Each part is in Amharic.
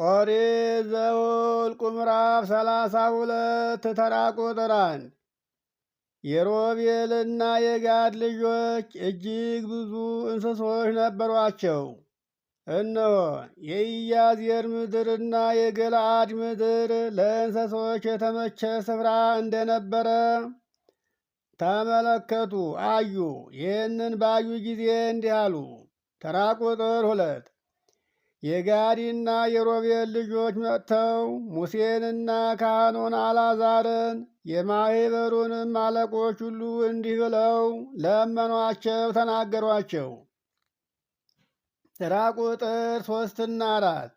ኦሪት ዘኍልቍ ምዕራፍ ሰላሳ ሁለት ተራ ቁጥር አንድ የሮቤልና የጋድ ልጆች እጅግ ብዙ እንስሶች ነበሯቸው። እነሆ የኢያዜር ምድርና የገለአድ ምድር ለእንስሶች የተመቸ ስፍራ እንደነበረ ተመለከቱ አዩ። ይህንን ባዩ ጊዜ እንዲህ አሉ። ተራ ቁጥር ሁለት የጋዲና የሮቤል ልጆች መጥተው ሙሴንና ካህኑን አላዛርን የማኅበሩንም አለቆች ሁሉ እንዲህ ብለው ለመኗቸው፣ ተናገሯቸው። ሥራ ቁጥር ሦስትና አራት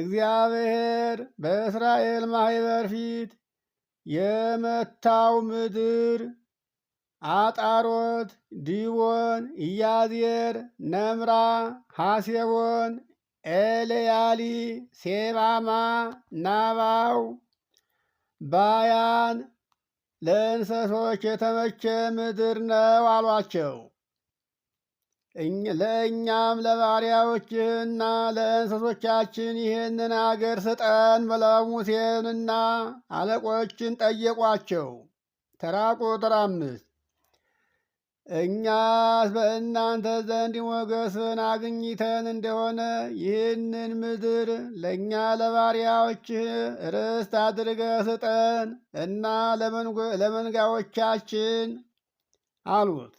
እግዚአብሔር በእስራኤል ማኅበር ፊት የመታው ምድር አጣሮት፣ ዲቦን፣ ኢያዜር፣ ነምራ፣ ሐሴቦን ኤልያሊ፣ ሴባማ፣ ናባው ባያን ለእንሰሶች የተመቸ ምድር ነው አሏቸው። ለእኛም ለባሪያዎችህና ለእንሰሶቻችን ይህንን አገር ስጠን ብለው ሙሴንና አለቆችን ጠየቋቸው። ተራ ቁጥር አምስት እኛስ በእናንተ ዘንድ ሞገስን አግኝተን እንደሆነ ይህንን ምድር ለእኛ ለባሪያዎች ርስት አድርገ ስጠን እና ለመንጋዎቻችን አሉት።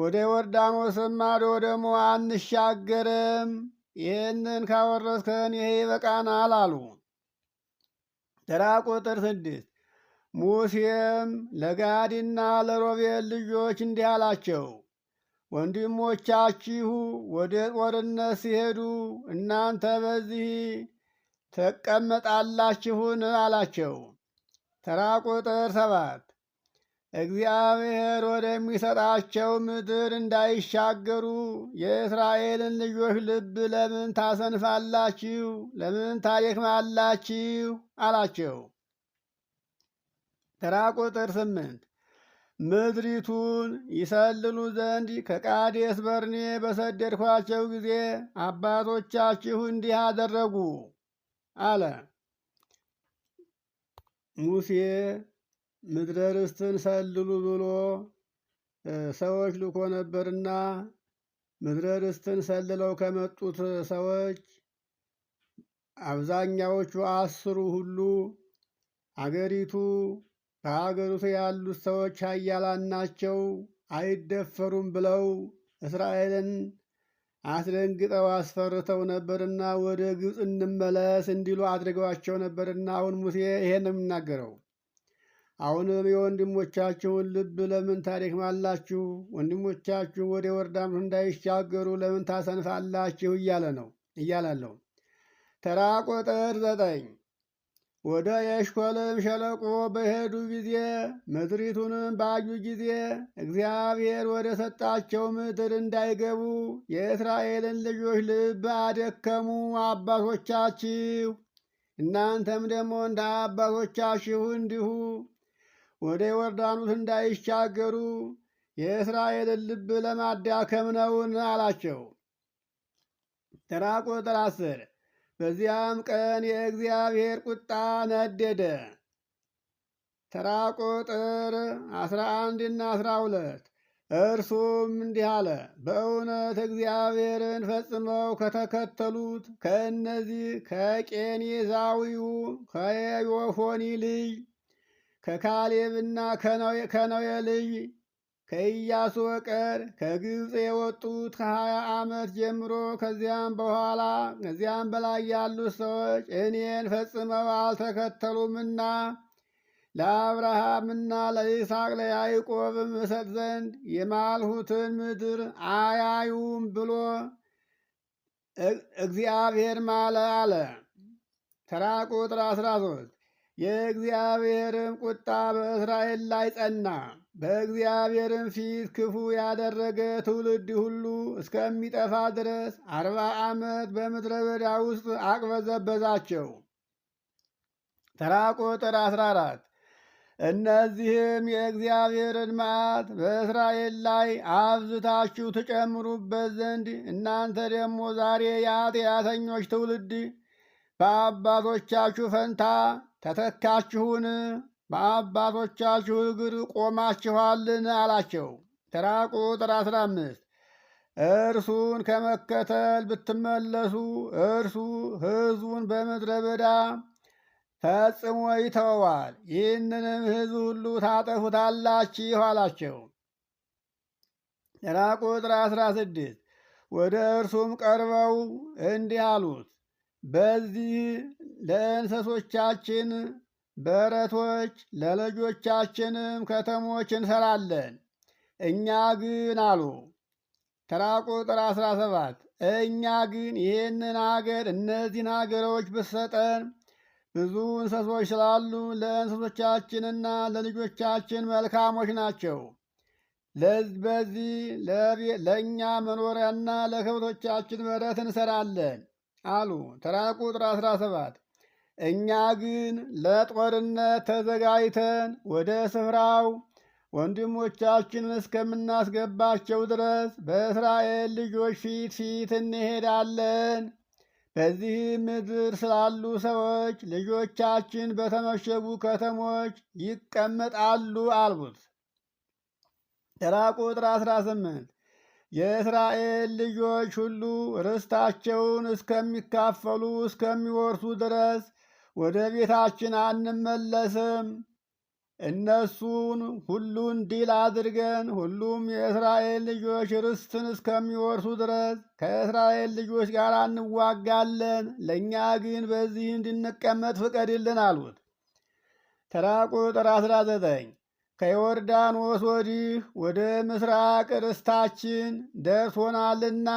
ወደ ዮርዳኖስም ማዶ ደግሞ አንሻገርም፣ ይህንን ካወረስከን ይሄ ይበቃናል አሉ። ተራ ቁጥር ስድስት ሙሴም ለጋድና ለሮቤል ልጆች እንዲህ አላቸው፣ ወንድሞቻችሁ ወደ ጦርነት ሲሄዱ እናንተ በዚህ ተቀመጣላችሁን? አላቸው። ተራ ቁጥር ሰባት እግዚአብሔር ወደሚሰጣቸው ምድር እንዳይሻገሩ የእስራኤልን ልጆች ልብ ለምን ታሰንፋላችሁ? ለምን ታደክማላችሁ? አላቸው። ተራ ቁጥር ስምንት ምድሪቱን ይሰልሉ ዘንድ ከቃዴስ በርኔ በሰደድኳቸው ጊዜ አባቶቻችሁ እንዲህ አደረጉ አለ። ሙሴ ምድረ ርስትን ሰልሉ ብሎ ሰዎች ልኮ ነበርና ምድረ ርስትን ሰልለው ከመጡት ሰዎች አብዛኛዎቹ አስሩ ሁሉ አገሪቱ ከአገሪቱ ያሉት ሰዎች ኃያላን ናቸው፣ አይደፈሩም ብለው እስራኤልን አስደንግጠው አስፈርተው ነበርና ወደ ግብፅ እንመለስ እንዲሉ አድርገዋቸው ነበርና አሁን ሙሴ ይሄን ነው የሚናገረው። አሁንም የወንድሞቻችሁን ልብ ለምን ታሪክ ማላችሁ? ወንድሞቻችሁ ወደ ዮርዳኖስ እንዳይሻገሩ ለምን ታሰንፋላችሁ? እያለ ነው እያላለው ተራ ቁጥር ዘጠኝ ወደ የሽኮልም ሸለቆ በሄዱ ጊዜ ምድሪቱንም ባዩ ጊዜ እግዚአብሔር ወደ ሰጣቸው ምድር እንዳይገቡ የእስራኤልን ልጆች ልብ አደከሙ አባቶቻችሁ። እናንተም ደግሞ እንደ አባቶቻችሁ እንዲሁ ወደ ዮርዳኖስ እንዳይሻገሩ የእስራኤልን ልብ ለማዳከም ነውን አላቸው። ተራ ቁጥር አስር በዚያም ቀን የእግዚአብሔር ቁጣ ነደደ። ተራ ቁጥር አስራ አንድና አስራ ሁለት እርሱም እንዲህ አለ፣ በእውነት እግዚአብሔርን ፈጽመው ከተከተሉት ከእነዚህ ከቄኔዛዊው ከዮፎኒ ልጅ ከካሌብና ከነዌ ልጅ ከኢያሱ በቀር ከግብፅ የወጡት ከሀያ ዓመት ጀምሮ ከዚያም በኋላ ከዚያም በላይ ያሉት ሰዎች እኔን ፈጽመው አልተከተሉምና ለአብርሃምና ለይስሐቅ ለያዕቆብም እሰጥ ዘንድ የማልሁትን ምድር አያዩም ብሎ እግዚአብሔር ማለ አለ። ተራ ቁጥር 13 የእግዚአብሔርም ቁጣ በእስራኤል ላይ ጸና። በእግዚአብሔርም ፊት ክፉ ያደረገ ትውልድ ሁሉ እስከሚጠፋ ድረስ አርባ ዓመት በምድረ በዳ ውስጥ አቅበዘበዛቸው። ተራ ቁጥር 14 እነዚህም የእግዚአብሔርን መዓት በእስራኤል ላይ አብዝታችሁ ትጨምሩበት ዘንድ እናንተ ደግሞ ዛሬ የኃጢአተኞች ትውልድ በአባቶቻችሁ ፈንታ ተተካችሁን? በአባቶቻችሁ እግር ቆማችኋልን አላቸው። ተራ ቁጥር አስራ አምስት እርሱን ከመከተል ብትመለሱ እርሱ ሕዝቡን በምድረ በዳ ፈጽሞ ይተወዋል፣ ይህንንም ሕዝብ ሁሉ ታጠፉታላችሁ አላቸው። ተራ ቁጥር አስራ ስድስት ወደ እርሱም ቀርበው እንዲህ አሉት፣ በዚህ ለእንሰሶቻችን በረቶች ለልጆቻችንም ከተሞች እንሰራለን። እኛ ግን አሉ ተራ ቁጥር 17 እኛ ግን ይህንን አገር እነዚህን አገሮች ብሰጠን ብዙ እንስሶች ስላሉ ለእንስሶቻችንና ለልጆቻችን መልካሞች ናቸው። በዚህ ለእኛ መኖሪያና ለከብቶቻችን በረት እንሰራለን አሉ ተራ ቁጥር 17 እኛ ግን ለጦርነት ተዘጋጅተን ወደ ስፍራው ወንድሞቻችንን እስከምናስገባቸው ድረስ በእስራኤል ልጆች ፊት ፊት እንሄዳለን። በዚህም ምድር ስላሉ ሰዎች ልጆቻችን በተመሸጉ ከተሞች ይቀመጣሉ አልቡት። ተራ ቁጥር 18 የእስራኤል ልጆች ሁሉ ርስታቸውን እስከሚካፈሉ እስከሚወርሱ ድረስ ወደ ቤታችን አንመለስም። እነሱን ሁሉን ድል አድርገን ሁሉም የእስራኤል ልጆች ርስትን እስከሚወርሱ ድረስ ከእስራኤል ልጆች ጋር እንዋጋለን፣ ለእኛ ግን በዚህ እንድንቀመጥ ፍቀድልን አሉት። ተራ ቁጥር 19 ከዮርዳኖስ ወዲህ ወደ ምስራቅ ርስታችን ደርሶናልና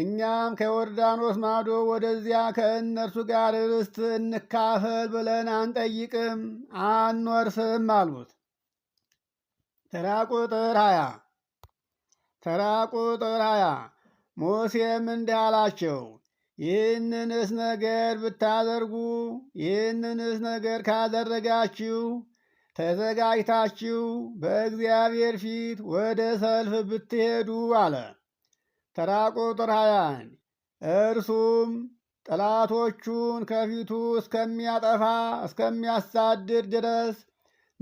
እኛም ከዮርዳኖስ ማዶ ወደዚያ ከእነርሱ ጋር ርስት እንካፈል ብለን አንጠይቅም አንወርስም አሉት። ተራ ቁጥር ሀያ ተራ ቁጥር ሀያ ሙሴም እንዲህ አላቸው፣ ይህንንስ ነገር ብታደርጉ ይህንንስ ነገር ካደረጋችሁ ተዘጋጅታችሁ በእግዚአብሔር ፊት ወደ ሰልፍ ብትሄዱ አለ። ተራ ቁጥር 21 እርሱም ጠላቶቹን ከፊቱ እስከሚያጠፋ እስከሚያሳድር ድረስ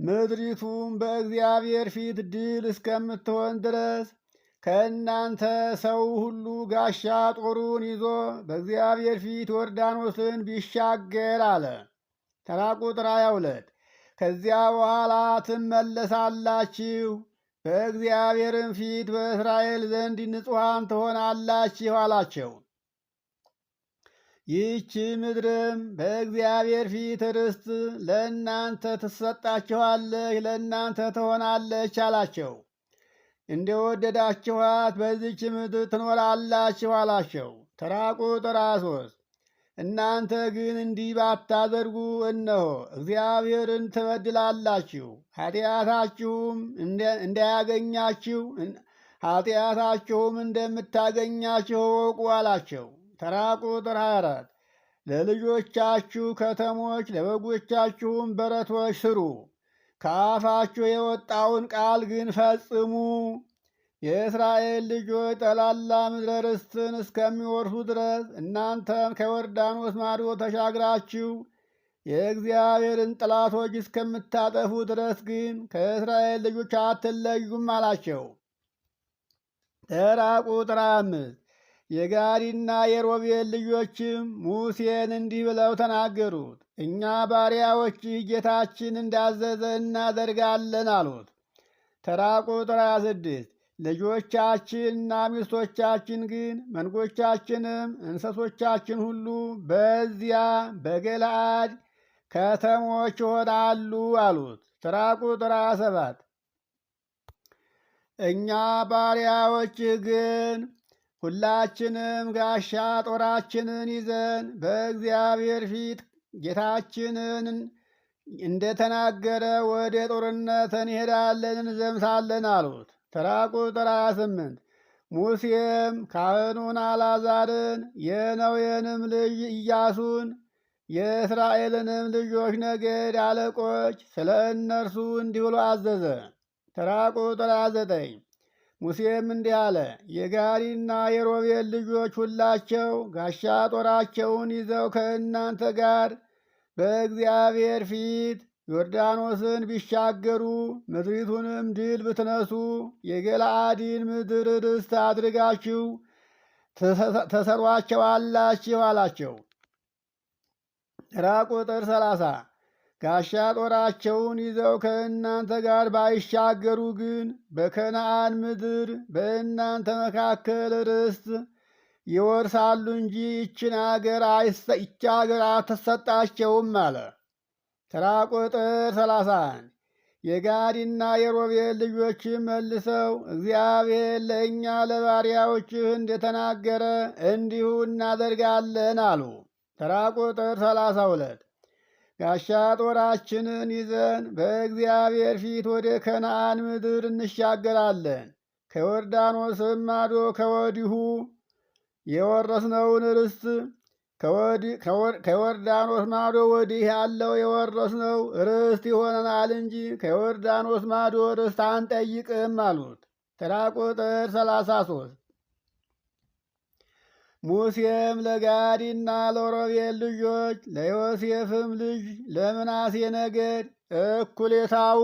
ምድሪቱም በእግዚአብሔር ፊት ድል እስከምትሆን ድረስ ከእናንተ ሰው ሁሉ ጋሻ ጦሩን ይዞ በእግዚአብሔር ፊት ዮርዳኖስን ቢሻገር አለ። ተራ ቁጥር 22 ከዚያ በኋላ ትመለሳላችሁ በእግዚአብሔርም ፊት በእስራኤል ዘንድ ንጹሐን ትሆናላችሁ አላቸው። ይህቺ ምድርም በእግዚአብሔር ፊት ርስት ለእናንተ ትሰጣችኋለች፣ ለእናንተ ትሆናለች አላቸው። እንደወደዳችኋት በዚች ምድር ትኖራላችሁ አላቸው። ተራ ቁጥር ሶስት እናንተ ግን እንዲህ ባታደርጉ እነሆ እግዚአብሔርን ትበድላላችሁ፣ ኃጢአታችሁም እንዳያገኛችሁ ኃጢአታችሁም እንደምታገኛችሁ እወቁ አላቸው። ተራ ቁጥር 24 ለልጆቻችሁ ከተሞች ለበጎቻችሁም በረቶች ስሩ፣ ከአፋችሁ የወጣውን ቃል ግን ፈጽሙ የእስራኤል ልጆች ጠላላ ምድረ ርስትን እስከሚወርሱ ድረስ እናንተም ከዮርዳኖስ ማዶ ተሻግራችሁ የእግዚአብሔርን ጠላቶች እስከምታጠፉ ድረስ ግን ከእስራኤል ልጆች አትለዩም አላቸው። ተራ ቁጥር አምስት የጋሪና የሮቤል ልጆችም ሙሴን እንዲህ ብለው ተናገሩት። እኛ ባሪያዎች ጌታችን እንዳዘዘ እናደርጋለን አሉት። ተራ ቁጥር 26 ልጆቻችንና ሚስቶቻችን ግን መንጎቻችንም እንሰሶቻችን ሁሉ በዚያ በገላአድ ከተሞች ይሆናሉ አሉት። ተራ ቁጥር ሰባት እኛ ባሪያዎች ግን ሁላችንም ጋሻ ጦራችንን ይዘን በእግዚአብሔር ፊት ጌታችንን እንደተናገረ ወደ ጦርነት እንሄዳለን እንዘምታለን አሉት። ተራ ቁጥር 28 ሙሴም ካህኑን አላዛርን የነዌንም ልጅ ኢያሱን የእስራኤልንም ልጆች ነገድ አለቆች ስለ እነርሱ እንዲህ ብሎ አዘዘ። ተራ ቁጥር 29 ሙሴም እንዲህ አለ። የጋሪና የሮቤል ልጆች ሁላቸው ጋሻ ጦራቸውን ይዘው ከእናንተ ጋር በእግዚአብሔር ፊት ዮርዳኖስን ቢሻገሩ ምድሪቱንም ድል ብትነሱ የገላአዲን ምድር ርስት አድርጋችሁ ተሰሯቸዋላችሁ አላቸው። ራ ቁጥር ሰላሳ ጋሻ ጦራቸውን ይዘው ከእናንተ ጋር ባይሻገሩ ግን በከነአን ምድር በእናንተ መካከል ርስት ይወርሳሉ እንጂ ይችን አገር አትሰጣቸውም አለ። ተራ ቁጥር ሰላሳ አንድ የጋድና የሮቤል ልጆች መልሰው እግዚአብሔር ለእኛ ለባሪያዎችህ እንደተናገረ እንዲሁ እናደርጋለን አሉ። ተራ ቁጥር ሰላሳ ሁለት ጋሻ ጦራችንን ይዘን በእግዚአብሔር ፊት ወደ ከነአን ምድር እንሻገራለን። ከዮርዳኖስም ማዶ ከወዲሁ የወረስነውን ርስት ከዮርዳኖስ ማዶ ወዲህ ያለው የወረስነው ርስት ይሆነናል እንጂ ከዮርዳኖስ ማዶ ርስት አንጠይቅም አሉት። ተራ ቁጥር ሰላሳ ሙሴም ለጋዲና ለሮቤል ልጆች ለዮሴፍም ልጅ ለምናሴ ነገድ እኩሌታው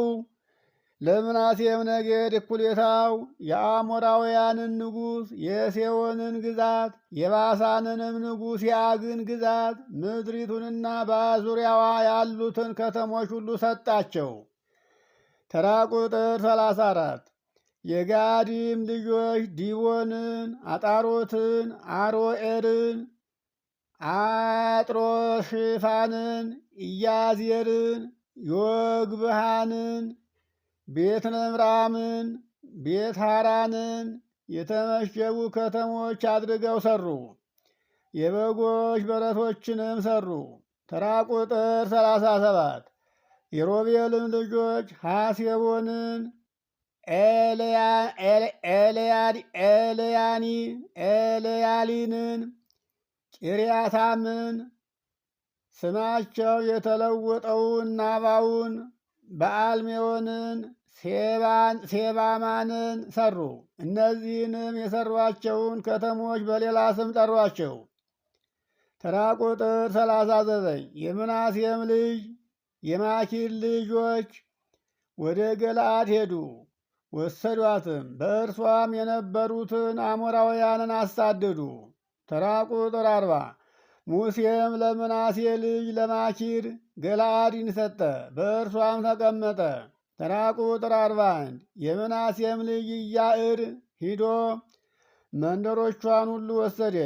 ለምናሴም ነገድ እኩሌታው የአሞራውያንን ንጉሥ የሴዎንን ግዛት የባሳንንም ንጉሥ የአግን ግዛት ምድሪቱንና በዙሪያዋ ያሉትን ከተሞች ሁሉ ሰጣቸው። ተራ ቁጥር 34 የጋዲም ልጆች ዲቦንን፣ አጣሮትን፣ አሮኤርን፣ አጥሮሽፋንን፣ ኢያዜርን፣ ዮግብሃንን ቤት ነምራምን፣ ቤት ሐራንን የተመሸጉ ከተሞች አድርገው ሰሩ። የበጎች በረቶችንም ሰሩ። ተራ ቁጥር ሰላሳ ሰባት የሮቤልም ልጆች ሐሴቦንን፣ ኤልያኒ፣ ኤልያሊንን፣ ቂርያታምን ስማቸው የተለወጠውን ናባውን በአልሜዮንን ሴባማንን ሰሩ። እነዚህንም የሰሯቸውን ከተሞች በሌላ ስም ጠሯቸው። ተራ ቁጥር ሰላሳ ዘጠኝ የምናሴም ልጅ የማኪር ልጆች ወደ ገለአድ ሄዱ፣ ወሰዷትም፣ በእርሷም የነበሩትን አሞራውያንን አሳደዱ። ተራ ቁጥር አርባ ሙሴም ለምናሴ ልጅ ለማኪር ገላአድን ሰጠ፣ በእርሷም ተቀመጠ። ተራ ቁጥር አርባ አንድ የምናሴም ልጅ ኢያዕር ሂዶ መንደሮቿን ሁሉ ወሰደ።